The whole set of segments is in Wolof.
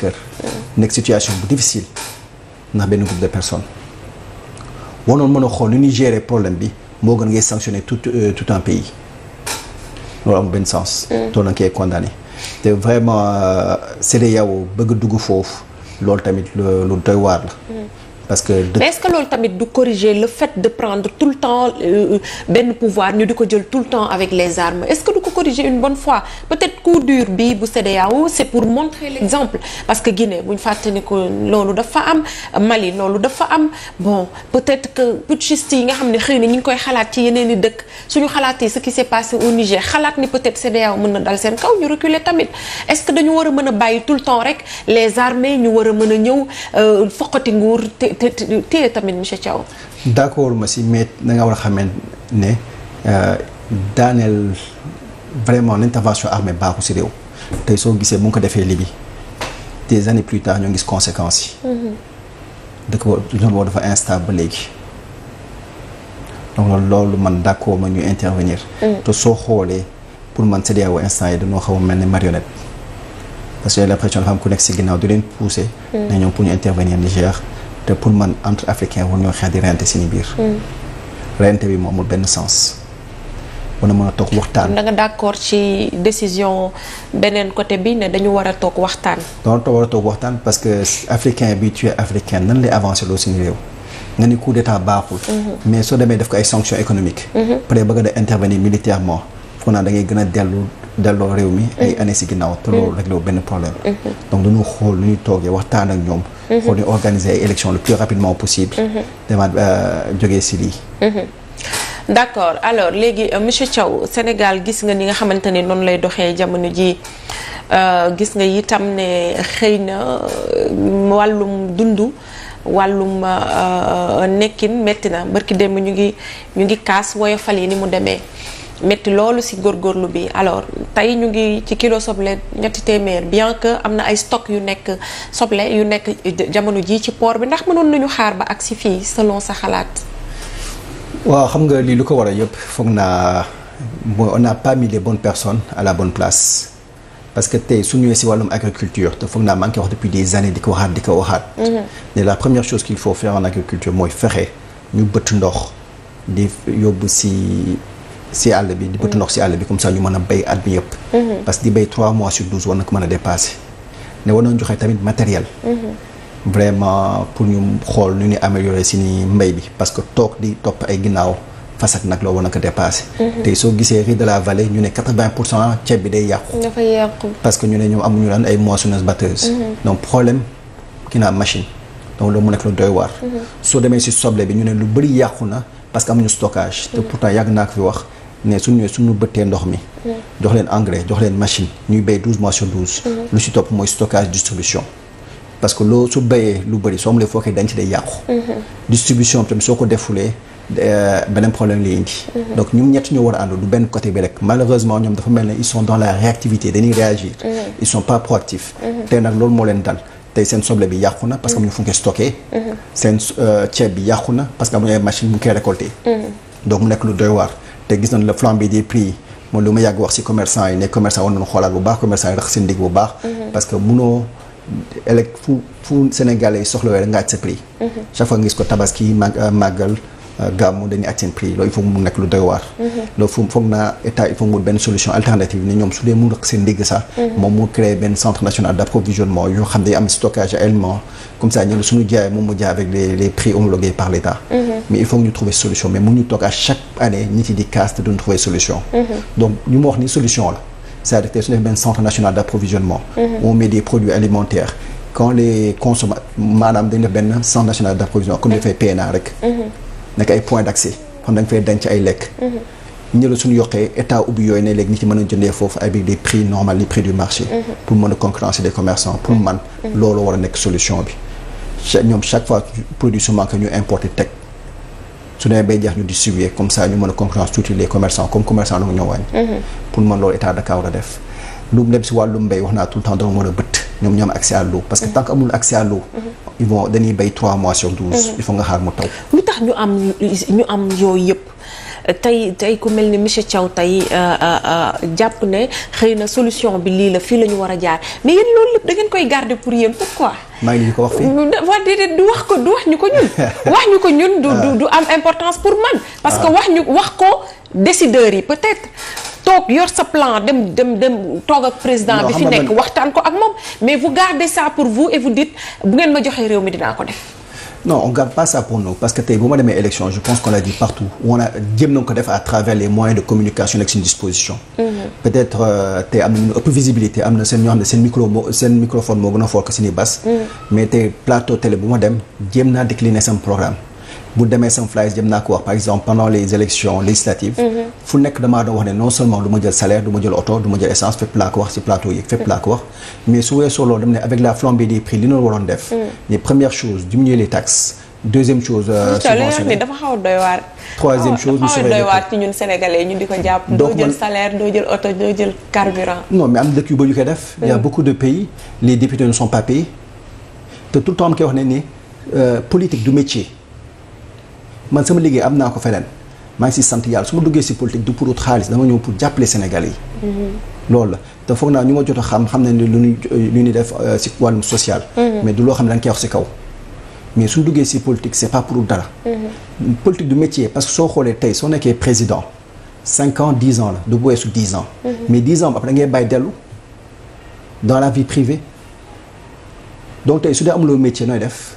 kër. nekk situation bu difficile ndax benn groupe de personnes. wanoon mën a xool ni ñuy gérer problème bi moo gën ngay sanctionner tout euh, tout un pays loolu am benn sens. toog mm. nañ koy condamné te vraiment euh, CEDEAO bëgg dugg foofu loolu tamit lu doy waar la. Mm. parce que de... mais est du corriger le fait de prendre tout le temps euh, benn pouvoir ñu di ko jël tout le temps avec les armes corriger une bon fois peut-être coup dur bi bu CEDEAO c'est pour montrer l'exemple parce que Guinée bu ñu fàtte ni ko loolu dafa am Mali loolu dafa am bon peut-être que putschistes yi nga xam ne xëy na ñu ngi koy xalaat ci yeneen i dëkk suñu xalaatee ce qui s'est passé au Niger xalaat ni peut-être CEDEAO mën na dal seen kaw ñu reculer tamit est-ce que dañu war a mën a bàyyi tout le temps rek les armées ñu war a mën a ñëw euh, foqati nguur te te téye tamit monsieur Thiaw. d'accord ma si mais da nga war a xamante ne euh, daaneel. vraiment l'intervention armée baaxu si réew te soo gisee bu ngi ko defee Libye des années plus tard ñoo gis conséquences yi mm-hmm. dëkk zone boobu dafa instable ba léegi donc loolu man d'accord ma ñu intervenir mm-hmm. te soo xoolee pour man CEDEAO instant yi dañoo xaw a mel ni marionnette parce que j'ai l'impression dafa am ku nekk si ginnaaw di leen pousser mm-hmm. na ñoom pour ñu intervenir Niger te pour man entre africain war ñoo xeex di rente seen biir rente bi moom amul benn sens war a mën a toog waxtaan. da nga d'accord ci décision beneen côté bi ne dañu war a toog waxtaan. dañu a toog waxtaan parce que africain bi tu es africain nan lay avancer loo suñu réew. nga ni coup d'état baaxul. Mhm. mais soo demee def ko ay sanctions économiques. Mhm. pare bëgg da intervenir militairement. foog naa da gën a dellu delloo réew mi. ay mhm. années si ginnaaw te loolu rek benn problème. donc dañu xool nu toogee waxtaan ak ñoom. xool ñu organiser ay élections d' accord alors léegi euh, monsieur caw Sénégal gis nga ni nga xamante ne noonu lay doxee jamono ji euh, gis nga itam ne xëy na euh, wàllum dundu wàllum nekkin metti na barki démb ñu ngi ñu ngi kaas woyofal yi ni mu demee métti loolu si góorgóorlu bi alors tey ñu ngi ci kilo soble ñetti téeméer bien que am na ay stock yu nekk soble yu nekk jamono jii ci port bi ndax mënoon nañu xaar ba ak si fii selon sa xalaat. waaw xam nga lii lu ko war a yëpp foog naa on naa pas mis les personne à la bonne place parce que tey su ñëwee si wàllum agriculture te foog naa maa ngi wax depuis des années di ko waxaat di ko waxaat. Mhm. mais la première chose qu'il faut faire en agriculture mooy fexe ñu bëtt ndox di yóbbu si si àll bi. di bëtt mhm. ndox si àll bi comme sax ñu mën a bay at bi yëpp. Mhm. parce que di béy 3 mois sur 12 war na ko mën a dépasser ne war nañu joxe tamit matériel. vraiment pour ñu xool ñu ñuy améliorer si ni mbay bi parce que toog di topp ay ginnaaw fasak nag loo war na ko dépassé. Mhm. tey soo gisee riz de la vallée ñu ne quatre-vingt pour cent ceeb bi day yàqu. dafa parce que ñu ne ñoom amuñu daan ay moissonneuses batteuses. Mhm. donc problème ki naa machine. donc loolu mu nekk lu doy waar. Mhm. soo demee si soble bi ñu ne lu bëri yàqu na parce que amuñu stockage. te pourtant yàgg naa ko fi wax. ne suñu ñëwee suñu bëttee ndox mi. jox leen engrais jox leen machine ñuy béy douze mois sur lu si topp mooy stockage distribution. parce que loo su béyee lu bëri soo amulee foo koy denc day yàqu. Mhm. distribution bi soo ko defulee euh, beneen problème lay indi. Mhm. donc ñoom ñett ñoo war a ànd du benn côté bi rek malheureusement ñoom dafa mel ne ils sont dans la réactivité dañuy réagir. Mhm. ils sont pas proactifs. tey nag loolu moo leen dal. tey seen soble bi yàqu na parce que amuñu fu ñu koy stocké. seen euh, ceeb bi yàqu na parce que amuñu ay machine bu ñu koy récolté. donc mu nekk lu doy waar te gis nañu la flambée des prix moom lu ma yàgg wax ci commerçant yi que munoo élec fu fu Sénégalais yi soxlawee nga aj sa prix. Mhm. chaque fois nga gis ko tabaski mag euh, màggal euh, gàmmu dañuy aj seen prix loolu lu mhm. foog naa état il faut mu benn solution alternative ni ñoom su dee mu rëq seen ndigg sax. Mhm. moom mu créé benn centre national d' approvisionnement yoo xam ne am stockage aliments comme ça ñun suñu jaay moom mu jaay avec les les prix homologués par l' état. mais il faut ñu trouver solution mais mu ñu toog à chaque année la. c'est-à-dire que su benn centre national d'approvisionnement mhm. on met des produits alimentaires quand les consommateurs maanaam dañ def benn centre national d'approvisionnement comme dafay PNA rek mhm. nekk ay points d'accès xam da nga fay denc ay lekk mhm. ñu suñu yokkee état ubbi yooyu ne léegi nit ñi mën a jëndee foofu avec des prix normal les prix du marché pour mën a concurrencer les pour man loolu war a nekk solution bi ñoom chaque fois produit su manqué su demee bay jeex ñu distribuer comme ça ñu mën a concurrence tuuti les commerçants comme commerçant nag ñoo mhm. pour man loolu état Dakar war a def. lu mu dem si wàllum mbéy wax naa tout le temps dama mën a bëtt ñoom ñoo am accès à l'eau parce que mhm. tant amul accès à l'eau mhm. ils dañuy béy 3 mois sur 12. il faut nga xaar mu taw. lu tax ñu am ñu am yooyu yëpp. tey tey ku mel ni monsieur Thiaw tey euh, euh, euh, jàpp ne xëy na solution bi lii la fii la ñu war a jaar mais yéen loolu lépp da ngeen koy garder pour yéen pourquoi. maa ngi ko wax fii. waaw déedéet du wax ko du wax ñu ko ñun. wax ñu ko ñun du ah. du am importance pour man. parce que ah. wax ñu wax ko décideurs yi peut-être. toog yor sa plan dem dem dem toog ak président bi fi nekk waxtaan ko ak moom mais vous gardez ça pour vous et vous dites bu ngeen ma joxee réew mi dinaa ko def. non on garde pas ça pour nous parce que tey bu ma demee élection je pense qu'on l'a dit partout on a jéem nañ ko def à travers les moyens de communication nekk suñu disposition mm-hmm. peut-être euh, tey am visibilité am na seen ñoo xam seen micro moo seen microphone moo gën a fort que seeni basse mm-hmm. mais tey plateau télé bu ma dem jéem naa décliner sama programme bu demee sama flyers jëm naa ko wax par exemple pendant les élections législatives mhm. fu nekk damaa doon wax ne non seulement du ma jël salaire du ma jël oto du ma jël essence fépp laa ko wax ci plateau yi fépp mhm. laa ko wax mais su weesoo loolu dem ne avec la flambée des prix li noonu waroon def mais mhm. première chose diminuer les taxes deuxième chose euh, subventionné dafa xaw a doy waar troisième chose ñu surveiller doy waar ci ñu di ko jàpp doo jël salaire def il y a beaucoup de te tout le temps wax ne ne euh, politique du métier man sama liggéey am naa ko feneen maa ngi si sant yàlla su ma duggee si politique du pour ut xaalis dama ñëw pour jàppale Sénégalais yi. Mm-hmm. loolu la te foog naa ñu ma jot a xam xam ne lu ñuy lu ñuy def euh, si wàllum social. Mm-hmm. loo xam ne da nga wax si kaw. mais su duggee si politique c' est pas pour dara. Mm-hmm. politique du métier parce que soo xoolee tey soo nekkee président cinq ans dix ans la du bu weesu dix ans. mais dix ans après da ngay bàyyi dellu dans la vie privée donc tey su dee amuloo métier nooy def.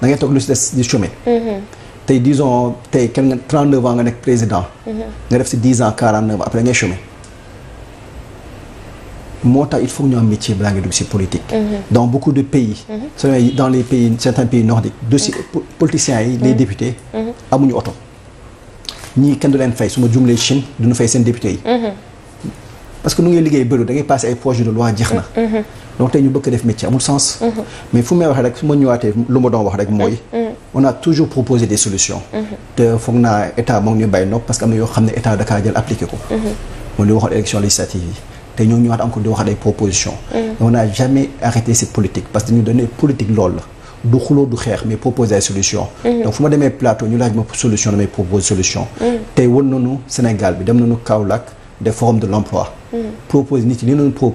da ngay toog lu si des di chômer. Mhm. tey disons tey kenn nga 39 nekk président. Mhm. nga def si 10 ans 49 ans après ngay chômer. moo tax il faut ñu am métier balaa nga dugg si politique. Mhm. dans beaucoup de pays. soo dans les pays certains pays nordiques. yi les députés. amuñu oto. ñii kenn du leen fay su ma jumlee Chine duñu fay seen député yi. parce que nu ngay liggéey bëri da ngay ay projet de loi jeex na. donc tey ñu bëgg ko def métier amul sens. Mhm. mais fu may waxee rek su ma ñëwaatee lu ma doon wax rek mooy. Mhm. Mhm. on a toujours proposé des solutions. te foog naa état moom ñu bàyyi nopp parce que am na yoo xam ne état da kaa jël appliqué ko. mooy li waxoon élection législative yi. te ñoo ñëwaat encore di wax ay propositions. on n'a jamais arrêté cette politique parce que ñu dañu politique loolu la. du xuloo du xeex mais proposer ay solution donc fu ma demee plateau ñu laaj ma solution damay solution tey won nañu Sénégal bi dem nañu Kaolack des forums de l'emploi propose nit yi li doon pour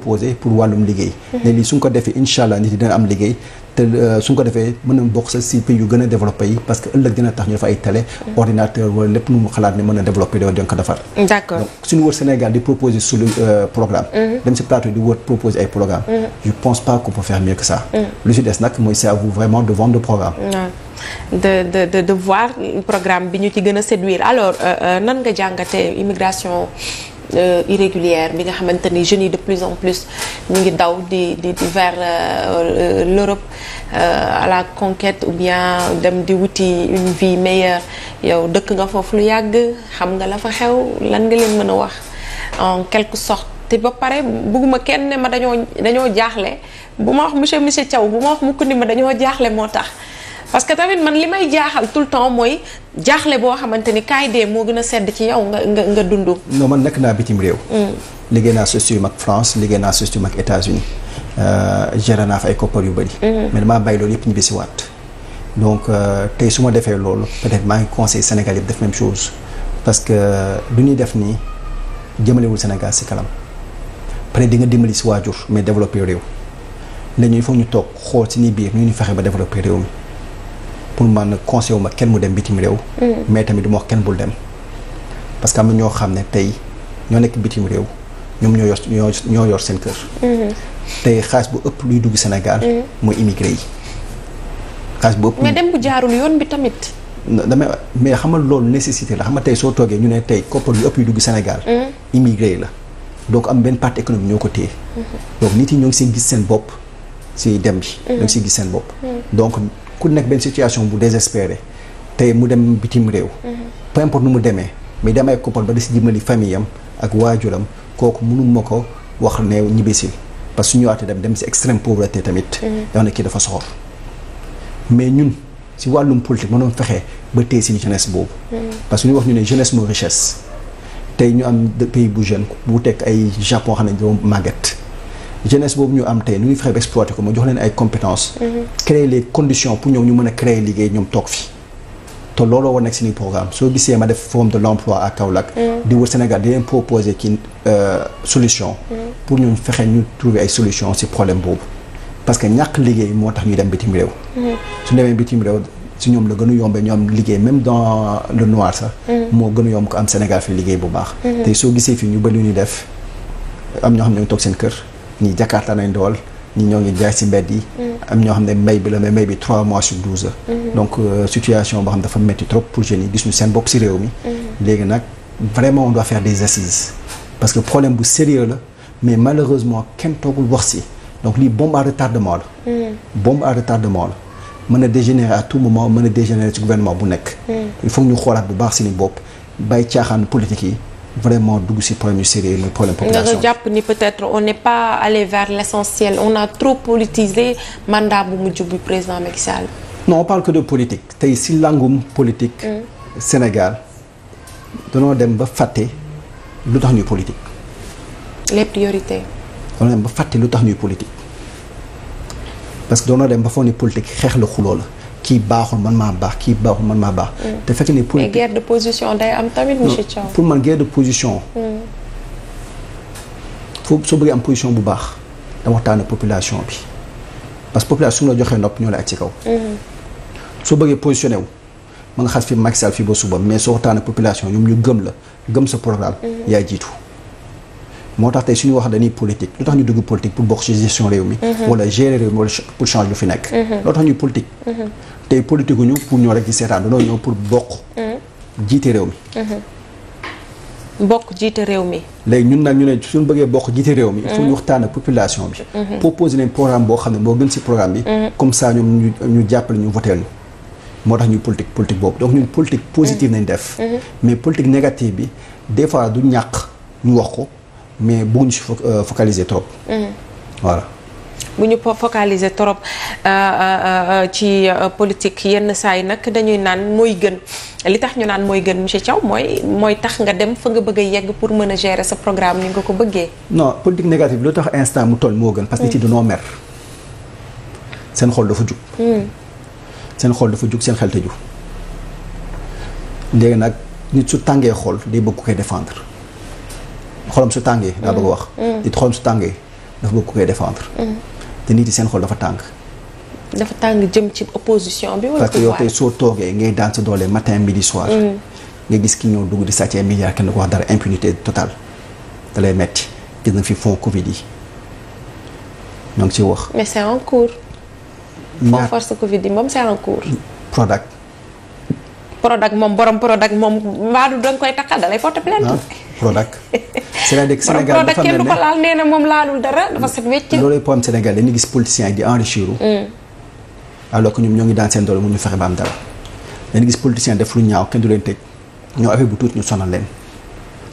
wàllum liggéey mhm. ne lii suñ ko defee incha nit yi dina am liggéey te euh, suñ ko defee mën na bokk sa si pays yu gën a développé yi parce que ëllëg dina tax ñu dafa ay télé mhm. ordinateur wala lépp nu mu xalaat ne mën na développé da nga ko defar d'accord donc suñu wër Sénégal di proposer sur le euh, programme mhm. dem si plateau di wër proposer ay programme je pense pas qu'on peut faire lu si des nag mooy c'est à vous vraiment de vendre bi ñu ci gën a séduire alors euh, nan Euh, irrégulière bi nga xamante ni jeunes de plus en plus mu ngi daw di di di vers euh, euh, l'Europe à la conquête ou bien dem di wuti une vie meilleure yow dëkk nga foofu lu yàgg xam nga la fa xew lan nga leen mën a wax en quelque sorte te ba pare bëgguma kenn ne ma dañoo dañoo jaaxle bu ma wax monsieur monsieur Thiaw bu ma wax mukk ni ma dañoo jaaxle moo tax parce que tamit man li may jaaxal tout le temps mooy jaaxle boo xamante ni kaay dee moo gën a sedd ci yow nga nga nga dund. non man nekk naa bitim réew. Mm. liggéey naa socium ak France liggéey naa socium ak États-Unis euh, géré naa fa ay koppar yu bari mm-hmm. mais damaa bàyyi loolu yëpp bi si waat donc euh, tey su ma defee loolu peut-être maa ngi conseil Sénégal yëpp def même chose parce que euh, lu ñuy def nii jëmalewul Sénégal si kalam peut di nga dimbali si waajur mais développer réew la ñuy foog ñu toog xool si ni biir ñu ñu fexe ba développer réew mi. pour man conseil wu ma kenn mu dem bitim réew. Mm. mais tamit du ma wax kenn bul dem. parce que am na ñoo xam ne tey ñoo nekk bitim réew ñoom ñoo yor ñoo ñoo yor seen kër. Mm-hmm. tey xaalis bu ëpp luy dugg Sénégal. Mm. mooy immigré yi. xaalis bu ëpp mais dem bu jaarul yoon bi tamit. damay mais xam loolu nécessité la xam nga tey soo toogee ñu ne tey koppar yu ëpp yu dugg Sénégal. Mm. immigré la donc am benn partie économique ñoo ko téye. Mm-hmm. donc nit yi ñoo ngi seen gis seen bopp si dem bi. ñoo ngi siy gis seen bopp ku nekk benn situation bu désespéré tey mu dem bitim réew. Mhm. peu importe nu mu demee mais damay koppal ba de si dimbali famille am ak waajuram kooku mënu ma ko wax ne ñibbisil parce que su ñëwaatee dem dem si extrême pauvreté tamit. yoo mhm. ne kii dafa mais ñun si wàllum politique mënoon fexe ba téye si jeunesse boobu. Mhm. parce que ñu wax ñu ne jeunesse mooy richesse tey ñu am pays bu jeune bu tek ay japon xam ne doo màgget. jeunesse boobu ñu am tey nu ñuy fexe ba exploité ko ma jox leen ay compétences. Mhm. créer les conditions pour ñoom ñu mën a créer liggéey ñoom toog fi te looloo war nekk suñu programme soo gisee ma def forum de l'emploi à Kaolack. Mhm. di wër Sénégal di leen proposer kii euh, solution. Mhm. pour ñu fexe ñu trouver ay solution ci problème boobu parce que ñàkk liggéey moo tax ñuy dem bitim réew. su demee bitim réew. si ñoom la gën a yombee ñoom liggéey même dans le noir sax. moo gën a yomb am Sénégal fi liggéey bu baax. tey soo gisee fii ñu bëri lu ñuy def am ñoo xam ne toog seen kër. ñii Jakarta nañ dool ñi ñoo ngi jaay si mbedd yi. Mm. am ñoo xam ne may bi la mais may bi trois mois sur douze heures. Mm-hmm. donc euh, situation boo xam dafa métti trop pour jeunes gis ñu seen bopp si réew mi. Mm-hmm. léegi nag vraiment on doit faire des assises. parce que problème bu sérieux la mais malheureusement kenn toogul wax si donc lii bombe à retardement la. Mm-hmm. bombe à man la. mën a dégénérer à tout moment mën a dégénérer ci gouvernement bu nekk. Mm. il faut ñu xoolaat bu baax suñu bopp bàyyi caaxaan politique yi. vraiment dugg ci problème yu sérieux mooy problème population nga jàpp ni peut-être on n'est pas allé vers l'essentiel on a trop politisé mandat bu mujj bi président Macky Sall. non on parle que de politique tey ci langum politique. Mm. Sénégal danoo dem ba fàtte lu tax ñuy politique. les priorités. danoo dem ba fàtte lu tax ñuy politique parce que danoo dem ba foog ni politique xeex la xuloo la kii baaxul man maa baax kii baaxul man maa baax. Mm. te fekk ni politique mais guerre de position day am tamit monsieur Thiaw. pour man guerre de position. Mm. foofu soo bëggee am position bu baax dama waxtaanee population bi parce que population su la joxee nopp ñoo la aj ci kaw. Mm-hmm. soo bëggee positionné wu ma nga xas fi Macky Sall ba suba mais soo waxtaanee population ñoom ñu gëm la gëm sa programme. Mm-hmm. yaa jiitu. moo tax tey suñu wax dañuy politique lu tax ñu dugg politique pour bokk ci gestion réew mi mhm. wala nekk mhm. loo tax ñuy politique mhm. ñu pour ñoo rek ci seetaan dañoo ñëw pour bokk jiite réew mi bokk jiite réew mi. léegi ñun nag ñu ne suñu bëggee bokk jiite réew mi. il ñu waxtaan population bi. proposer leen boo xam ne moo gën ci programme comme ça ñoom ñu ñu jàppale ñu voté moo tax ñu politique politique boobu donc ñun politique positive nañ def. mais politique négative bi des fois du ñàkk ñu wax ko. mais bëgguñu si euh, focaliser trop. Mm-hmm. voilà. bu ñu focaliser trop euh, euh, ci politique yenn saa yi nag dañuy naan mooy gën li tax ñu naan mooy gën monsieur Thiaw mooy mooy tax nga dem fa nga bëgg a yegg pour mën a gérer sa programme ni nga ko bëggee. non politique négative bi lu tax instant mu toll moo gën. parce que ci mm. dañoo mer. seen xool dafa jug. Mm. seen xol dafa jug seen xel te léegi nag nit su tàngee xool day bëgg ko koy défendre. xolam su tàngee daa bëgg a wax mm. Mm. nit su tàngee dafa bëgg ku koy défendre mm. te nit yi seen xol dafa tàng dafa tàng jëm ci opposition bi wala parce soo toogee ngay daan sa doolee matin midi soir nga gis ki ñëw dugg di sàcc ay milliards kenn ko wax dara impunité total da lay metti gis na fi fonds covid yi ñoo ngi ciy wax mais c'est en cours fonds force covid yi moom c'est en cours Prodac Prodac moom borom Prodac moom mbaadu danga koy takkal da lay porter plainte ah. Prodac. c'est-à-dire que Sénégal dafa mel ne kenn ko laal nee na moom laalul dara dafa set wecc. loolu yëpp am Sénégal dañuy gis politiciens yi di enrichir. Mm. alors que ñoom ñoo ngi daan seen doole mu ñu fexe ba am dara. dañuy gis politiciens def lu ñaaw kenn du leen tëj ñoo affaire bu tuuti ñu sonal leen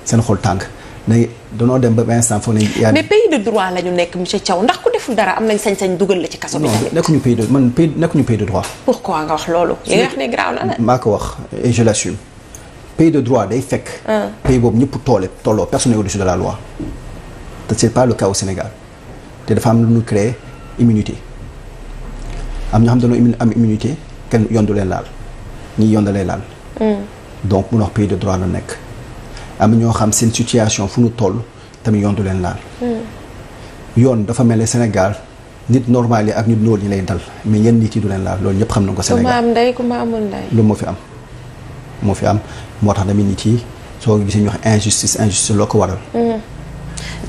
seen xol tàng léegi danoo dem ba instant foog nañu. yaa mais pays droit la ñu nekk monsieur Thiaw ndax ku deful dara am nañ sañ-sañ dugal la ci kaso bi tamit. non nekkuñu pays de man pays nekkuñu pays nga wax loolu. la. maa ko wax pays de droit day fekk. Ah. pays boobu ñëpp toole tolloo personne n'est au-dessus de la loi te c'est pas le cas Sénégal te dafa am lu ñu créer immunité am ñoo xam am immunité kenn yondu leen laal ñi yondu laal. Hmm. donc mu wax pays de droit nekk am ñoo xam seen situation fu ñu toll tamit du leen laal. Hmm. yoon dafa mel ne Sénégal nit normal yi ak nit nool ñi lay dal mais yenn nit yi du leen laal loolu ñëpp xam na ko. Sénégal ku ma am ndey ku ma amul ndey. loolu moo fi am moo fi am moo tax tamit nit yi soo gisee ñu wax injustice injustice loo ko waral. Mm-hmm.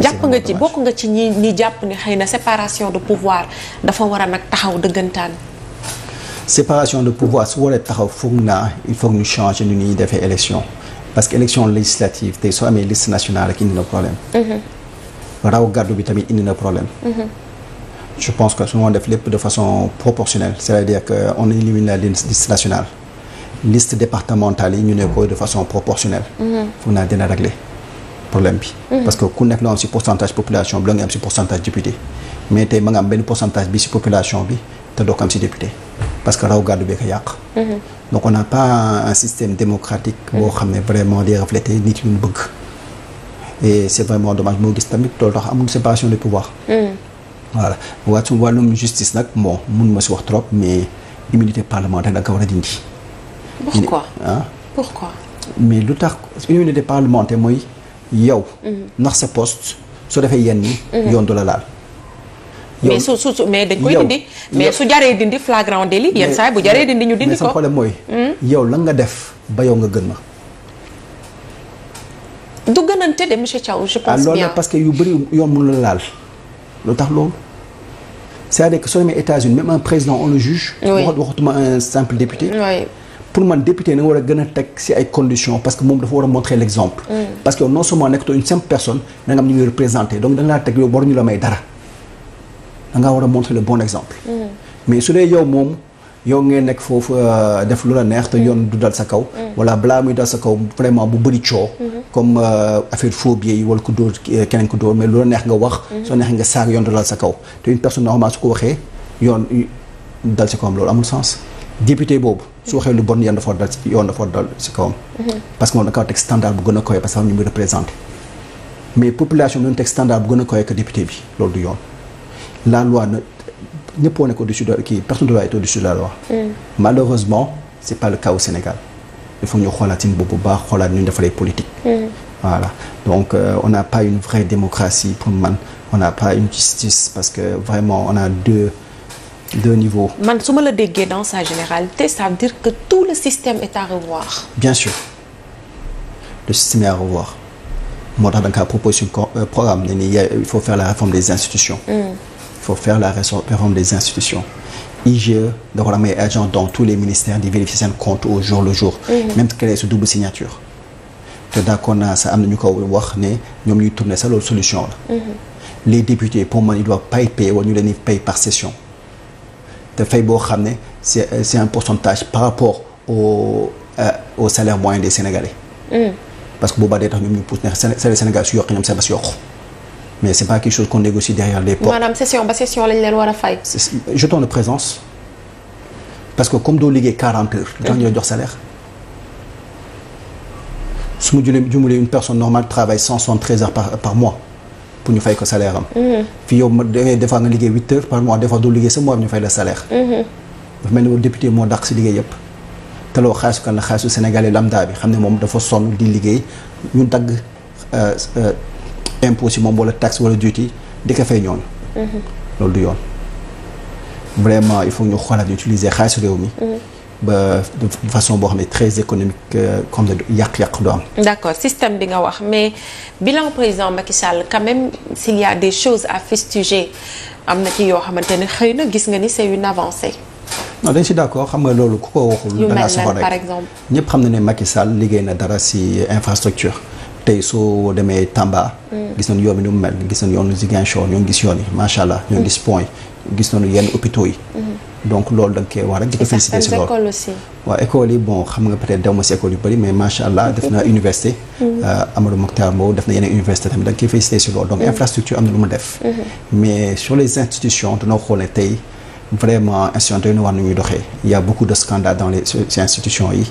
jàpp nga ci bokk nga ci ñi ñi jàpp ni xëy na séparation de pouvoir dafa war ak taxaw dëggantaan. séparation de pouvoir su waree taxaw foog naa il faut ñu changer nu ñuy defee élection parce que élection législative tey soo amee liste national rek indi na problème. Mm-hmm. raw gàddu bi tamit indi na problème. Mm-hmm. je pense que su ma def lépp de façon proportionnelle c'est-à-dire que on élimine la liste départementale yi ñu ne ko de façon proportionnelle. Mhm. foog naa dina régler problème bi. Mhm. parce que ku nekk loo am si pourcentage population bi la nga am si pourcentage député mais tey ma nga am benn pourcentage bi si population bi te doo ko am si député parce que raw gàddu bee ko yàq. Mhm. donc on n'a pas un système démocratique. boo xam ne vraiment di refléter nit yu ñu bëgg. et c'est vraiment dommage moo gis tamit loolu tax amul séparation des pouvoirs. voilà waaye su wàllum justice nag bon mun ma si wax trop mais immunité parlementaire da nga ko war a dindi. pourquoi ah pourquoi mais lu tax immunité parlementaire mooy yow mm-hmm. ndax sa poste su defee yenn yi mm-hmm. yoon du la laal mais su su mais dañ koy dindi mais su jaree dindi flagrant délit yenn saa yi bu jaree dindi ñu dindi ko mooy mm-hmm. yow nga def ba yow nga gën ma du gënante de monsieur Thiaw parce que yu bëri yoon mënu la laal lu tax loolu c'est-à-dire soo demee États-Unis même un président on le juge waxatuma un simple député pour man député na nga war a gën a teg si ay conditions parce que moom dafa war a montrer l' exemple. Mm. parce que non seulement nekkatoo une simple personne da nga am ñu ngi représenté donc da nga laa mm. mais su dee yow moom yow ngeen nekk foofu euh, def lu la neex te mm. yoon du dal sa kaw. wala balaa muy dal sa kaw vraiment bu bëri coow. Mm-hmm. comme euh, affaire phobie yi wala ku dóor euh, keneen ku dóor neex nga wax. Mm-hmm. soo neex nga saag yoon du dal sa kaw te une personne normalement su ko waxee yoon dal sa kawam loolu amul sens. député boobu su waxee lu bon yoon dafa dal si yoon dafa dal si kawam. parce que moom da nga ko teg standard bu gën a koy parce que ñu muy représenté mais population bi a loolu yoon la loi na nekk au-dessus de kii loi. Mm. malheureusement c' pas le cas Sénégal il faut ñu xoolaat seen bopp bu baax xoolaat ñu defalee politique. Mm. voilà donc euh, on n'a pas une vraie démocratie pour man on n'a pas une justice parce que vraiment on a deux. deux niveaux. man su ma la déggee dans sa généralité ça veut dire que tout le système est à revoir. bien sûr le système est à revoir moo tax da nga proposé suñu euh, programme ne nii il faut faire la réforme des institutions. Mm. il faut faire la réforme des institutions. IGE da ko amee agent dans tous les ministères di vérifier seen compte au jour le jour. Mm. même créer su double signature. te d'accord naa sax am na ko wax ne ñoom ñuy tourner sax loolu solution la. Mm. les députés pour man ils doivent pas être payés wala ñu par session. te fay boo xam ne c'est euh, c'est un pourcentage par rapport au euh, au salaire moyen des Sénégalais. Mmh. parce que boobaa day tax ñoom ñu pousse ne salaire Sénégal su yokk ñoom seen bas yokku mais c'est pas quelque chose qu'on négocie derrière les portes. maanaam de présence parce que comme doo liggéey 40 heures. lu tax ñu jox salaire. su ma jëlee jumulee une personne normale travaille 173 heures par par mois. pour ñu fay ko salaire am. fii yow ma da ngay nga liggéey huit heures par mois des fois doo liggéey sa mois ñu fay la salaire. dafa mel ni woon député moo dàq si liggéey yëpp. te loolu xaalisu kan la xaalisu sénégalais lambda bi xam ne moom dafa sonn di liggéey ñu dagg euh, euh, impôt si moom wala taxe wala duty di ko fay ñooñu. Mm-hmm. loolu du yoon. vraiment il faut ñu xoolaat ñu utiliser xaalisu réew mi. ba façon boo xam ne très économique euh, comme yàq-yàq du am. d'accord système bi nga wax mais bilan président Macky Sall quand même s'il y des choses à fustiger am na ci yoo xamante ne xëy na gis nga ni c'est une avancée. non dañ si d'accord xam nga loolu ku ko waxul. da ngaa soxla rek xam na ne Macky Sall liggéey na dara si infrastructure. tey soo demee Tamba. Mm. gis nañ yoon bi ni mu mel gis nañ yoonu ngi gis yoon yi macha allah ñoo ngi gis gis nañu yenn hôpitaux yi. Mhm. donc loolu da nga koy war rek di ko féliciter si loolu waaw école yi bon xam nga peut-être dew ma si école yu bëri mais macha allah def mhm. Mhm. Euh, na université Amadou da nga koy féliciter si loolu donc infrastructure am na lu mu def mais sur les institutions dina xool ne tey vraiment institutions tey ñu beaucoup de scandales dans les institutions yi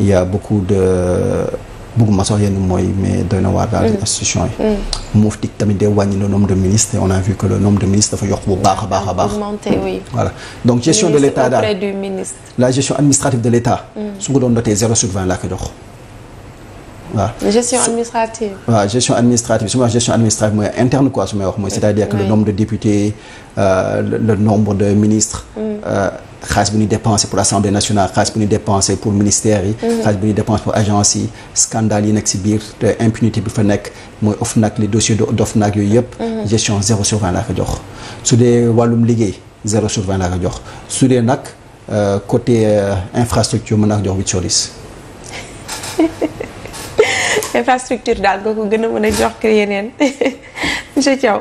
il beaucoup de bugguma sax yenn mooy mais doy a waar daal mm. institution yi mm. moof dik tamit day wàññi le nombre de ministres on a vu que le nombre de ministres dafa yokk bu baax a baax a baax donc gestion de l'état la gestion administrative de l'état mm. su doon notee zéro sur laa ko jox gestion administrative. su ma gestion administrative mooy interne quoi su may wax mooy c'est-à-dire que le nombre de députés euh, le nombre de ministres euh, xaalis bu ñuy dépensé pour assemblée nationale xaalis bu ñuy dépensé pour ministère yi. Mhm. xaalis bu ñuy dépensé pour agence yi. scandale yi nekk si biir te bi fa nekk mooy OFNAC les dossiers d'OFNAC yooyu yëpp. Mhm. gestion zéro sur vingt laa ko jox. su dee wàllum liggéey zéro sur vingt laa ko jox su dee nag euh, côté euh, infrastructure mën naa jox huit sur infrastructure daal nga gën a mën a jox yeneen. monsieur Thiaw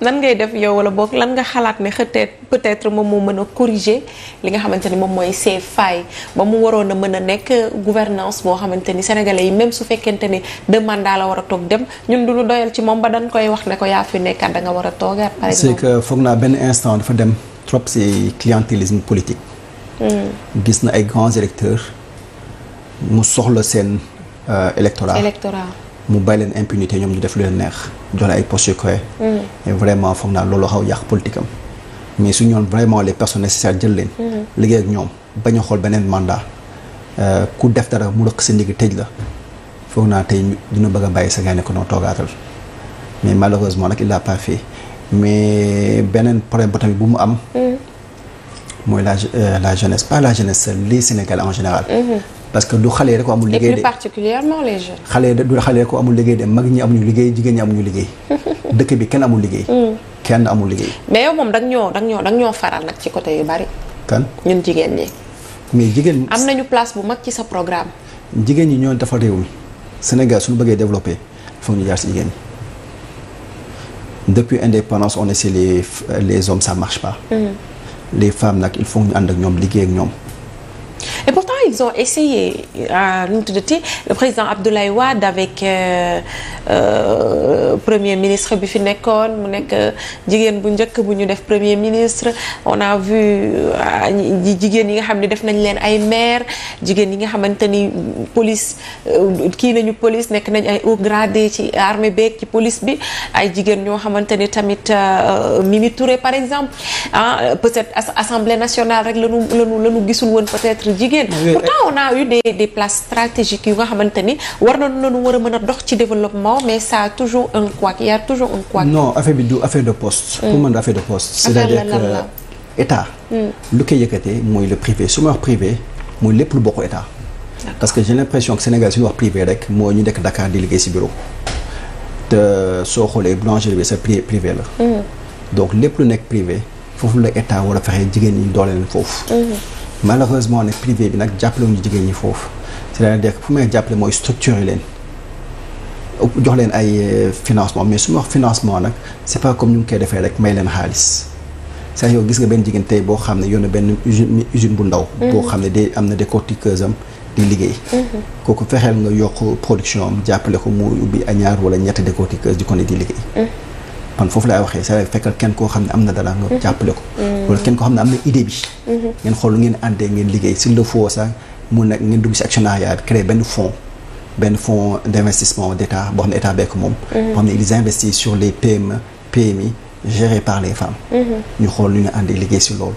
nan ngay def yow wala boo lan nga xalaat ne xëteet peut-être moom moo mën a corriger li nga xamante ni moom mooy ces failles ba mu waroon a mën a nekk gouvernance boo xamante ni sénégalais yi même su fekkente ni deux mandats la war a toog dem ñun du lu doyal ci moom ba dañ koy wax ne ko yaa fi nekkaat da nga war a toogaat. par exemple c'est que foog naa benn instant dafa dem trop ci clientélisme politique. Hmm. gis na ay grands électeurs mu soxla seen. Euh, électorat mu bàyyi leen impunité ñoom ñu def lu leen neex joxe ay postes yu mm. vraiment foog naa loolu xaw yàq politique am mais su ñoon vraiment les personnes nécessaires jël leen. Mm. liggéey ak ñoom bañ a xool beneen mandat euh, ku def dara mu rëq sa ndigg tëj la foog naa tey dina bëgg a bàyyi sa nga ne ko noo toogaatal mais malheureusement nag i l'a pas fait mais beneen problème ba tamit bu mu am. Mm. mooy la euh, la jeunesse pas la jeunesse les Sénégalais en général. Mm-hmm. parce que du xale yi rek ko amul liggéey de xale du ko amul liggéey de mag ñi ñu liggéey jigéen ñi amuñu liggéey dëkk bi kenn amul liggéey. Hmm. kenn amul liggéey. mais yow moom da ñoo da ñoo da ñoo faral nag ci côté yu bari. kan ñun jigéen ñi. mais jigéen am nañu place bu mag ci sa programme. jigéen ñi ñoo dafa réew mi Sénégal suñu bëggee développé foog ñu jaar si jigéen ñi depuis indépendance on essaie les les hommes ça marche pas. Hmm. les femmes nag il faut ñu ànd ak ñoom liggéey ak ñoom. ils ont essayé nu mu tuddati le président Abdoulaye Wade avec euh, euh, premier ministre bi fi nekkoon mu nekk euh, jigéen bu njëkk bu ñu def premier ministre on a vu euh, jigéen yi nga xam ne def nañ leen ay maire jigéen yi nga xamante ni police euh, kii nañu police nekk nañ ay haut gradé ci armée beeg ci police bi ay jigéen ñoo xamante ni tamit Mimi Touré par exemple ah peut-être assemblée nationale rek lanu lanu lanu gisul woon peut-être jigéen pourtant on a eu des des places yu nga xamante ni war na noonu war a mën a dox ci développement mais ça a toujours un couac il toujours un couac. non affaire bi du affaire de poste. Mm. pour man du affaire de poste. Mm. lu mooy le privé su ma wax privé mooy lépp lu bokk état. parce que j'ai l'impression que Sénégal suñu wax privé rek moo ñu nekk Dakar di liggéey si bureau. te soo xoolee boulangerie bi sa privé la. Mm. donc lépp lu nekk privé foofu la état war a fexe jigéen ñi dooleel foofu. malheureusement ne privé bi nag jàppale ñu jigéen ñi foofu si la nekk fu may jàppale mooy structurer leen jox leen ay euh, financement mais su ma wax financement nag c'est pas comme ñu ngi koy defee rek may leen xaalis c'est yow gis nga benn jigéen tey boo xam ne yor benn usine bu ndaw. Mhm. boo xam ne day am na décortiqueuse am di liggéey. Mhm. kooku fexeel nga yokk production am jàppale ko mu ubbi a ñaar wala ñetti décortiqueuse di ko ne di liggéey. Mhm. man foofu laay waxee c'est vrai fekkal kenn koo xam ne am na dara nga jàppale ko mm-hmm. wala kenn koo xam ne am na idée bi mm-hmm. ngeen xool lu ngeen àndee ngeen liggéey s'il le faut sax mun nag ngeen dugg si actionnariat bi créer benn fonds benn si mm-hmm. loolu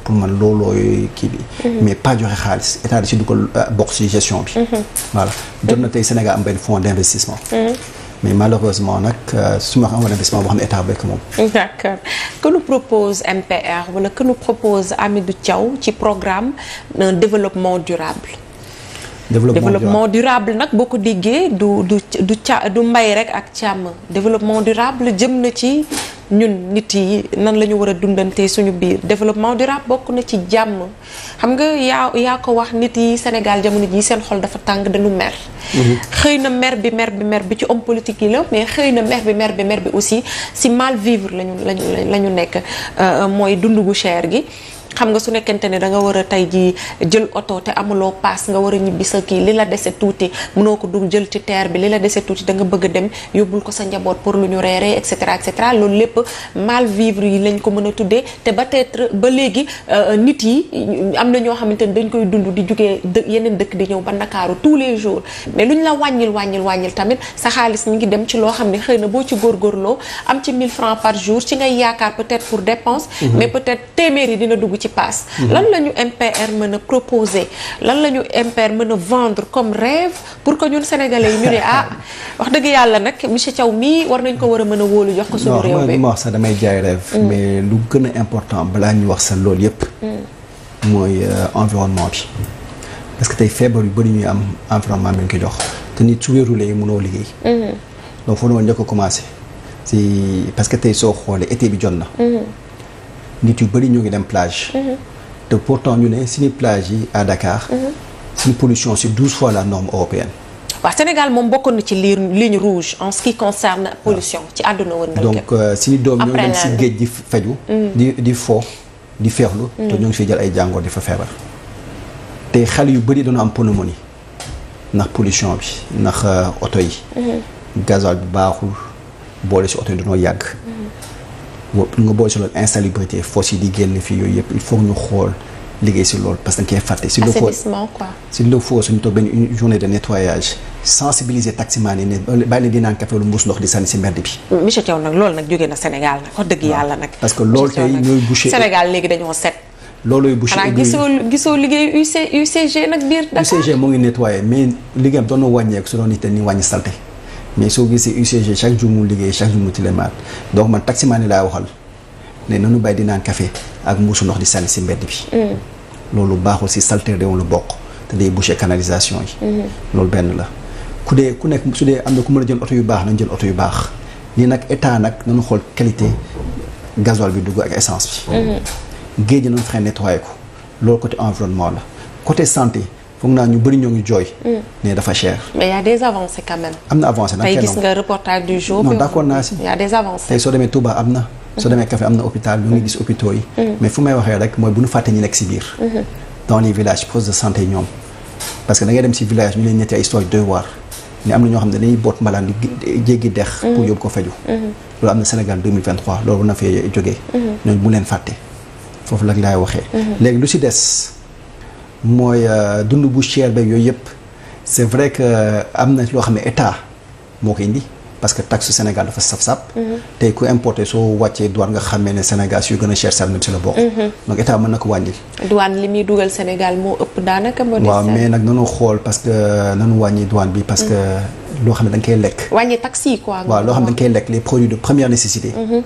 pour man loolooy kii bi mais pas joxe xaalis état da si dugal euh, bokk si gestion bi voilà jot na tey Sénégal am benn fonds d'investissement mais malheureusement nag euh, su ma amoon investissement boo xam ne état béy ko moom. d' accord que nous propose MPR wala que nous propose Hamidou Thiaw ci programme un développement durable. développement durable nag boo ko déggee du du du ca du mbay rek ak càmm développement durable jëm na ci ñun nit yi nan la ñu war a dundante suñu biir développement durable bokk na ci jàmm xam nga yaa yaa ko wax nit yi Sénégal jamono jii seen xol dafa tàng dañu mer. Mhm. xëy na mer bi mer bi mer bi ci homme politique yi la mais xëy na mer bi mer bi mer bi aussi si mal vivre lañu lañu lañu nekk euh, mooy dund gu cher gi. xam nga su nekkente ne da nga war a tey ji jël oto te amuloo paas nga war a ñibbi sa kii li la dese tuuti mënoo ko dug jël ci terre bi li la dese tuuti da nga bëgg dem yóbbul ko sa njaboot pour lu ñu reeree et cetera et cetera loolu lépp mal vivre yi lañ ko mën a tuddee te peut-être ba léegi euh, nit yi am na ñoo xamante ni dañ koy dund di jugee dë yeneen dëkk di ñëw ba Ndakaaru tous les jours mais lu ñu la wàññil wàññil wàññil tamit sa xaalis ñu ngi dem ci loo xam ni xëy na boo ci góorgóorloo am ci 1000 francs par jour ci ngay yaakaar peut-être pour dépense mhm. ci lan la ñu MPR mën a proposer lan la ñu MPR mën a vendre comme rêve pour que ñun sénégalais yi ñu ne ah wax dëgg yàlla nag monsieur caw mii war nañ ko war a mën a wóolu jox ko suñu réew bi wax sax damay jaay rêve mm. mais lu gën a balaa ñu wax sa loolu yépp mm. mooy euh, environnement bi parce que tey feebar yu bëri ñuy am environnement bi ñu koy jox te nit su wéerulee mënoo liggéey mm-hmm. donc foofu la ma njëkk a commencé si parce que tey soo xoolee été bi jot na mm-hmm. nit yu bëri ñoo ngi dem plage. Mhm. te pourtant ñu ne suñu plage yi à Dakar. Mhm. suñu pollution si douze fois la norme européenne. waaw Sénégal moom bokkoon na ci ligne rouge en ce qui concerne pollution ci àdduna woon donc euh, suñu doom ñoo ngi dem si géej di feju mm. di di di feexlu mm. te ñoo ngi fi jël ay jàngoor di fa feebar te xale yu bëri dañoo am pneumonie ndax polition bi ndax euh, oto yi mm-hmm. gasoil bi baaxul boole si oto yi dañoo yàgg nga boole si loolu insalubrité fosse yi di génn fii yooyu yëpp il faut ñu xool liggéey si loolu parce que dañ koy fàtte. si le faut assainissement quoi. benn une de nettoyage sensibiliser taximaan yi ne bàyyi leen di naan café lu mbuus ndox di sànni si mbedd bi. monsieur Thiaw nag loolu nag jógee na Sénégal nag parce que loolu tey ñooy boucher Sénégal léegi dañoo set. loolooy boucher xanaa gisoo gisoo liggéey UCG nag biir UCG moo ngi nettoyé mais liggéeyam doon mais soo gisee UCG chaque jour mu liggéey chaque jour mu tilemaat donc man taximaan yi laa waxal ne nanu bàyyi di naan café ak mbuusu ndox di sànni si mbedd bi mm. loolu baaxul si salter de woon lu bokk te day boucher canalisation yi mm-hmm. loolu benn la ku dee ku nekk su dee am na ku mën a jël oto yu baax nañ jël oto yu baax ni nag état nag nanu xool qualité gasoil bi dugg ak essence bi mm-hmm. géej ji nañu fexe nettoyé ko loolu côté environnement la côté santé foog naa ñu bëri ñoo ngi jooy. Mm. ne dafa cher. a am na avancé nag tey gis nga reportage du a tey soo demee Touba am na. soo mm-hmm. demee Café am na hôpital ñu ngi gis mm-hmm. hôpitaux yi. Mm-hmm. mais fu may waxee rek mooy bu ñu fàtte ñi nekk si biir. dans les villages postes de santé ñoom. parce que dem si village ñu leen ñetti ay histoire doy waar ne am na ñoo xam ne dañuy boot malaan di jéggi dex. pour yóbbu ko feju loolu am na Sénégal loolu war na fee jógee. ñooñu bu leen mooy euh, dund bu cher beeg yooyu yëpp c'est vrai que euh, am na loo xam ne état moo ko indi parce que taxe Sénégal dafa saf-sap mm-hmm. te ku importé soo wàccee douane nga xamee ne Sénégal su gën a cher sal même si la bokk donc état mën na ko wàññil douane li muy dugal Sénégal moo ëpp daanaka moo des waaw mais nag nanu xool parce que euh, nanu wàññi douane bi parce que mm-hmm. loo xam ne da nga lekk wàññi taxe yi quoi waaw loo xam ne da nga koy lekk les produits de première nécessité mm-hmm.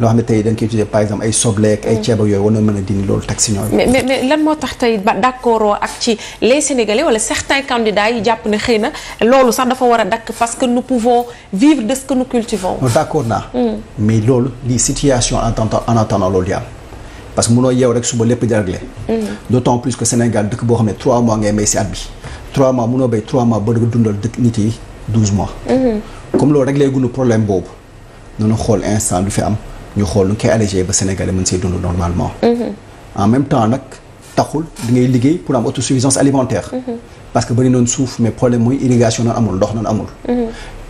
loo xam ne tey dañ par exemple ay sobleek ay ceeb ak yooyu war na mën a dindi loolu tax lan moo tax tey ba d'accord ak ci les sénégalais wala certains candidats yi jàpp ne xëy na loolu sax dafa war a dakk parce que nous pouvons vivre de ce que nous cultivons. non d'accord naa. Mm. mais loolu li situation en attendant en attendant loolu di am parce que mënoo yeew rek suba lépp di réglé. Mm. d'autant plus que Sénégal dëkk boo xam ne 3 mois ngay may si at bi 3 mois mënoo bay 3 mois ba nga dundal dëkk nit yi 12 mois. Mm-hmm. comme loolu réglé gunu problème boobu noonu xool instant du fi am. ñu xool lu koy allégé ba Sénégalais mën see dund normalement. Mm-hmm. en même temps nag taxul di ngay liggéey pour am autosuffisance alimentaire. Mm-hmm. parce que bari noonu suuf mais problème mooy irrigation noonu amul ndox noonu amul. Mm-hmm.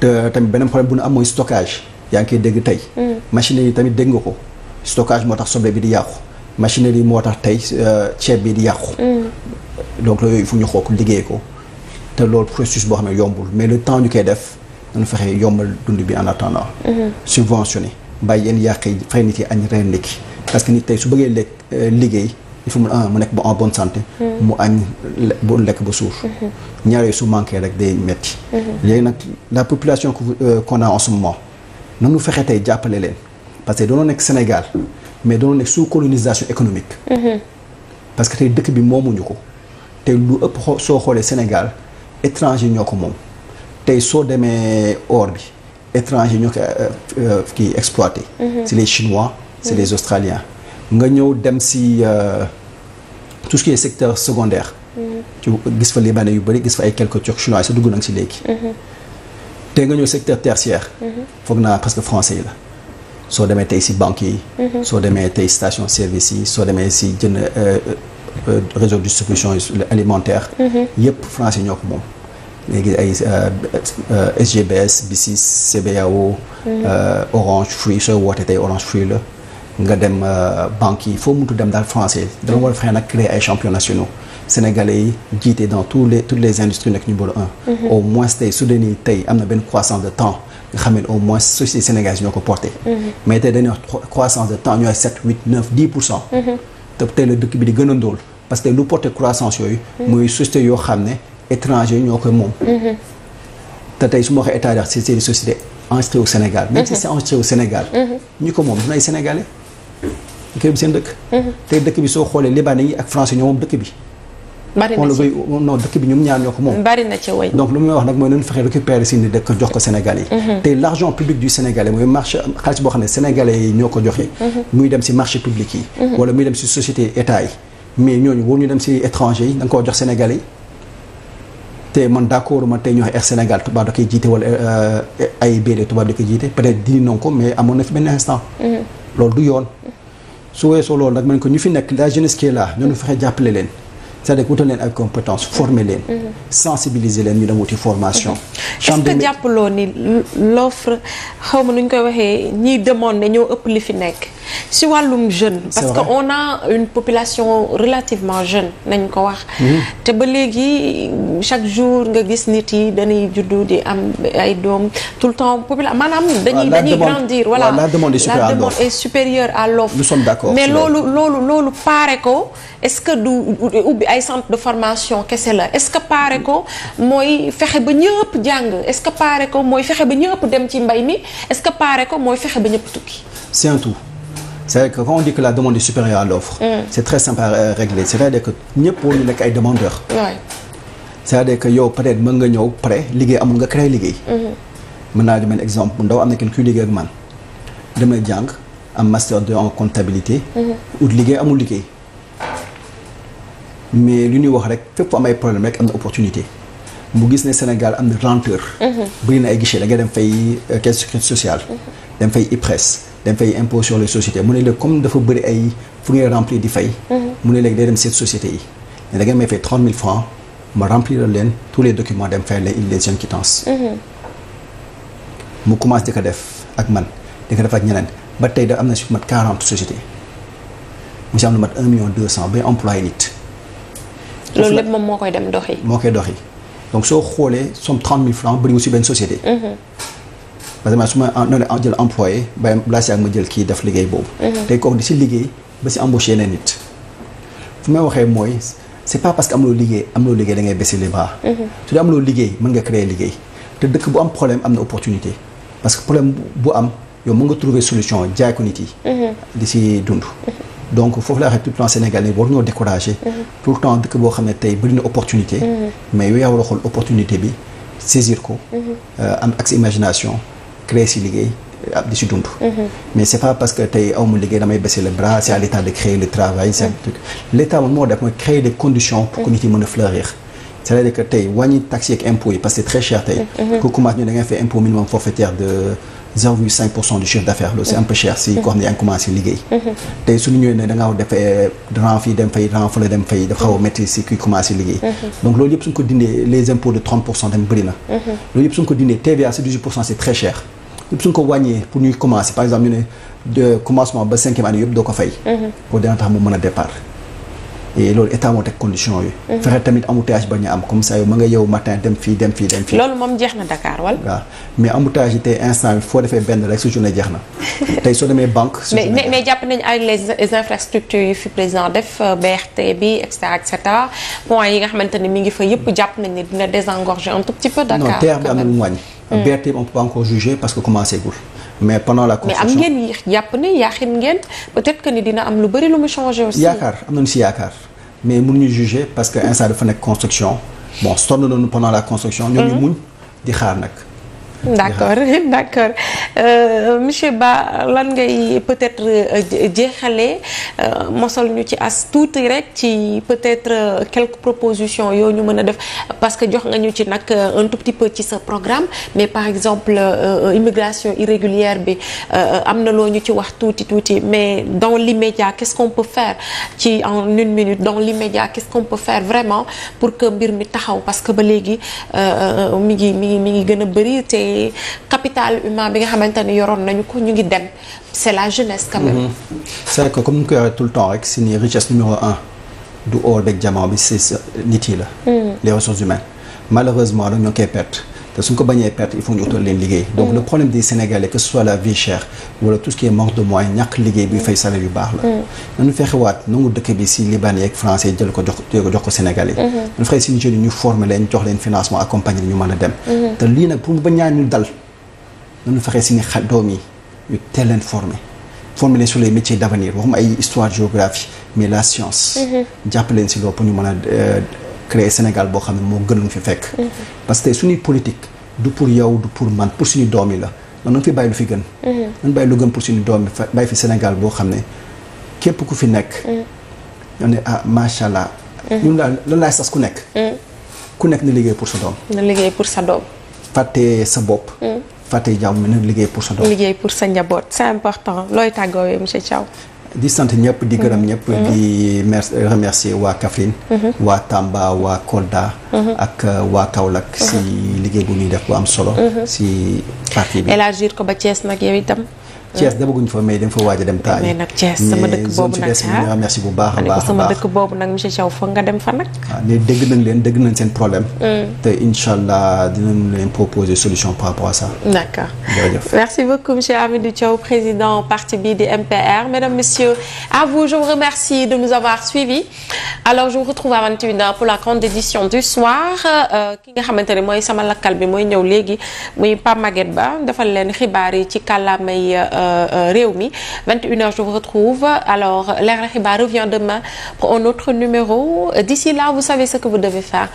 te tamit beneen problème bu nu am mooy stockage yaa ngi koy dégg tey. machine yi tamit dégg nga ko stockage moo tax soble bi di yàqu machine yi moo tax tey euh, ceeb bi di yàqu. donc loolu yooyu fu ñu xook liggéey ko te loolu processus boo xam ne yombul mais le temps ñu koy def dañu yombal dund bi en attendant. subventionné. bàyyi yenn yàq yi fay nit yi añ reer ndékki parce que nit tey su bëggee lekk euh, liggéey il faut mu ah mu nekk ba en bonne santé. Mm-hmm. mu añ lekk ba suur. Mm-hmm. ñaar su manqué rek day metti mm-hmm. léegi nag la population euh, qu'on a en ce moment nanu fexe tey jàppale leen parce que doonoo nekk Sénégal mais doonoo nekk sous colonisation économique. parce que tey dëkk bi moomuñu ko tey lu ëpp soo xoolee Sénégal étranger ñoo ko moom tey soo demee or bi. étranger ñoo koy euh, euh, kii exploité. Mhm. c'est les chinois c'est mhm. les australiens. nga ñëw dem si euh, tout ce secteur secondaire. ci mhm. gis fa libanais yu bëri gis fa ay quelques turcs chinois sa dugg na si léegi. te nga ñëw secteur tertiaire. foog naa presque français yi la. soo demee tey si banque yi. soo demee tey station service yi soo demee si jën réseau de distribution alimentaire. yëpp français ñoo ko moom. léegi ay euh, SGBS BICIS CBAO. Mm-hmm. Euh, Orange Free sooy woote tey Orange Free la. nga dem euh, banque yi foo muntu dem daal français dama war a fexe nag créer ay champions nationaux sénégalais yi jiite dans tous les toutes les industries nekk numéro un mm-hmm. au moins tey su dee nii tey am na benn croissance de temps nga xam ne au moins société sénégalaise ñoo ko porté mm-hmm. mais tey dañuy croissance de temps ñooy sept huit neuf dix pour cent te tey la dëkk bi di gën a ndóol parce que lu porté croissance yooyu muy société yoo xam ne étranger ñoo koy moom. Mm-hmm. te tey su ma waxee état dax si seen société enregistré au Sénégal. même mm-hmm. si c'est enregistré au Sénégal. Mm-hmm. ñu ko moom dina ay sénégalais. kër bi seen dëkk. tey dëkk bi soo xoolee libanais yi ak français ñoo moom dëkk bi. bari na ci non dëkk bi ñoom ñaar ñoo ko moom. bari na ci way donc lu may wax nag mooy nañu fexe récupérer suñu dëkk jox ko Sénégal yi. tey l' argent public du Sénégalais mooy marché xaalis boo xam ne sénégalais yi ñoo ko joxe. muy dem si marché public yi. wala muy dem si société état yi mais ñooñu waruñu dem si étranger yi da nga koo jox sénégalais yi te man d'accord ma tey ñu wax Air Sénégal tubaab da koy jiite wala euh, AIBD tubaab da koy jiite peut-être dindi nañ ko mais amoon na fi benn instant. Mm-hmm. loolu du yoon. su weesoo loolu nag man ko ñu fi nekk la jeunesse qui est ñoo ñu fexe jàppale leen. cest mm-hmm. leen ñu dem wuti formation. Mm-hmm. chambre est-ce que jàppaloo ni nu ñu koy waxee ñiy demande ñoo ëpp li fi nekk. si wàllum jeune. parce que on a une population relativement jeune nañ ko wax. te ba léegi chaque jour nga gis nit yi dañuy juddu di am ay doom tout le temps popula maanaam. dañuy dañuy grandir voilà la demande est supérieure à l'offre la demande est d'accord mais loolu loolu loolu paare ko est-ce que du ubbi ay centre de formation kese la est-ce que paare ko mooy fexe ba ñëpp jàng est-ce que paare ko mooy fexe ba ñëpp dem ci mbay mi est-ce que paare ko mooy fexe ba ñëpp tukki. c'est un c'est-à-dire que quand la demande est supérieure à l'offre mm. c'est très simple à euh, régler c'est-à-dire que ñëpp waruñu nekk ay demandeurs c'est-à-dire que yow peut-être mën nga ñëw pare liggéey amul nga créer liggéey mm-hmm. mën naa di exemple ndaw am na kenn kuy liggéey ak man damay jàng am master 2 en comptabilité mm-hmm. ut liggéey amul liggéey mais lu ñuy wax rek fépp fu am ay problème rek am na opportunité mu gis ne Sénégal am na renteur mm-hmm. bëri na ay guichet da ngay dem fay euh, caisse sécurité sociale dem fay IPRES dañ fay impôt sur les sociétés mu ne léegi comme dafa bëri ay fu ngay remplir di fay. Mhm. mu ne léegi day dem seet sociétés yi ne may fay trente mille francs ma remplir leen tous les documents dem fay leen les jeunes mu commence ko def ak man di ko def ñeneen ba tey da am na si mat quarante sociétés mu si am lu mat un million deux cent loolu lépp moom moo koy dem doxi. moo koy doxi donc soo xoolee somme trente mille francs bëriwul si benn société. Mhm. parce que man su ma noonu la jël employé ba laasi ak ma jël kii def liggéey boobu mhm. tey kooku di si liggéey ba si embauché yeneen nit fu may waxee mooy c'est pas parce que am loo liggéey am loo liggéey da ngay baisser les bras mhm. su dee am loo liggéey mën nga créer liggéey te dëkk bu am problème am na opportunité parce que problème bu am yow mën nga trouver solution jaay ko nit yi mhm. di si dund donc foofu laa waxee tout le temps Sénégal ni war ñoo découragé tout le temps dëkk boo xam ne tey bëri na opportunité mais yow yaa war a bi saisir ko euh, am ak créer si liggéey ab di si dund. Mhm. mais c' pas parce que tey aw ma liggéey damay baisser le bras c' à l' de créer le travail mhm. c' moom moo def mooy créer des conditions pour que mhm. yi mën a fleurir. c' est à que tey wàññi taxes yeeg impôts yi parce que très cher tey. ku commencé ñu da ngay fay minimum forfaitaire de. du chiffre d'affaires loolu c'est un peu cher si koo xam ne yaa liggéey tey suñu ñëwee ne da ngaa defee ren fii dem fay a yëpp suñ ko wàññee pour ñuy commencer par exemple ñu ne commencement ba cinquième année yëpp doo ko fay. pour mhm. dina tax mu mën a départ. et loolu état moo teg condition yi. Mhm. fexe tamit embouteillage ba ñu am mais jàpp nañu ak les infrastructures yi fi président def euh, BRT bi et cetera point yi nga xamante ne ngi fa yëpp jàpp nañu dina désengorger un tout petit Dakar bi am na lu mu wàññi. Hmm. BRT bi on peut pas encore juger parce que commencé gul mais pendant la construction mais am ngeen jàpp ne yaaxin ngeen peut ni dina am lu bëri lu mu changé am nañu si yaakaar mais mënuñu juger parce que instant dafa nekk construction bon sonn nañu pendant la construction ñoom ñu hmm. muñ di xaar nag d' accord euh, monsieur Ba lan ngay peut-être euh, jeexale euh, mosal ñu ci as tuuti rek ci peut-être quelques propositions yoo ñu mën a def parce que jox nga ñu ci nag un tout petit ci sa programme mais par exemple immigration irrégulière bi am na loo ñu ci wax tuuti tuuti mais dans l'immédiat qu'est-ce qu'on peut faire ci en une minute dans l'immédiat qu'est-ce qu'on peut faire vraiment pour que mbir mi taxaw parce que ba léegi mi ngi mi ngi mi ngi te yi capital humain bi nga xamante yoroon nañu ko ñu ngi dem c'est la jeunesse quand même. Mm-hmm. c'est vrai que comme ni koy waxee temps rek si ni richesse numéro un du or beeg jamono bi c'est nit yi la. Mm. les ressources humaines malheureusement nag koy perte. te suñ ko bañee perte il faut ñu utal leen liggéey donc le problème des Sénégalais que ce soit la vie chère wala tout de moyens ñàkk liggéey buy fay salaire yu baax la mm. nañu fexewaat nangu dëkk bi si libanais ak français jël ko jox jox ko Sénégalais yi mm-hmm. ñu fexe si jeunes yi ñu former leen jox leen financement accompagner ñu mën a dem mm-hmm. te lii nag pour mu ba ñaan ñu dal nañu fexe si ni xa doom yi ñu teel leen former former leen sur les métiers d'avenir waxuma ay histoire géographie mais la science mm-hmm. jàpp leen si loolu pour ñu mën a euh, créer Sénégal boo xam ne moo gën lu fi fekk. Mhm. parce que suñuy politique du pour yow du pour man pour suñu doom yi la man na fi bàyyi lu fi gën. Mhm. nañ bàyyi lu gën pour suñu doom fi Sénégal boo xam ne képp ku fi nekk. Mhm. ñoo ne ah ñun daal lan laay sas ku nekk. ku nekk na liggéey pour sa doom. na pour sa doom. fàtte sa bopp. fàtte jaww mi na liggéey pour sa doom. liggéey pour sa njaboot c'est important looy tàggoowee monsieur Thiaw. di sant ñëpp di gërëm mm-hmm. ñëpp di remercier waa Kaffrine mm-hmm. waa Tamba waa Kolda mm-hmm. ak euh, waa Kaolack si liggéey bu ñuy def bu am solo si parti bi élargir ko ba Thiès nag yow itam Thiès demaguñ fa mais dañ fa waaj a dem taay mais nag Thiès sama dëkk boobu nag ah merci bu baax a baax sama dëkk boobu nag monsieur Thiaw foog nga dem fa nag waaw ah, mais dégg nañ leen dégg nañ seen problème mm. te incha allah dinañ leen proposer solution par rapport à ça d'accord jërëjëf merci beaucoup monsieur Hamidou Thiaw président parti bi di MPR mesdames messieurs à vous je vous remercie de nous avoir suivis alors je vous retrouve à 21h pour la grande édition du soir euh, ki nga xamante ne mooy sama lakkal bi mooy ñëw léegi muy Pape Maguette Ba defal leen xibaar yi ci kàllaamay euh, Euh, euh, réew mi 21h je vous retrouve alors Leral Xibaar revient demain pour un autre numéro d'ici là vous savez ce que vous devez faire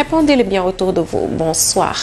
répondez-le bien autour de vous bonsoir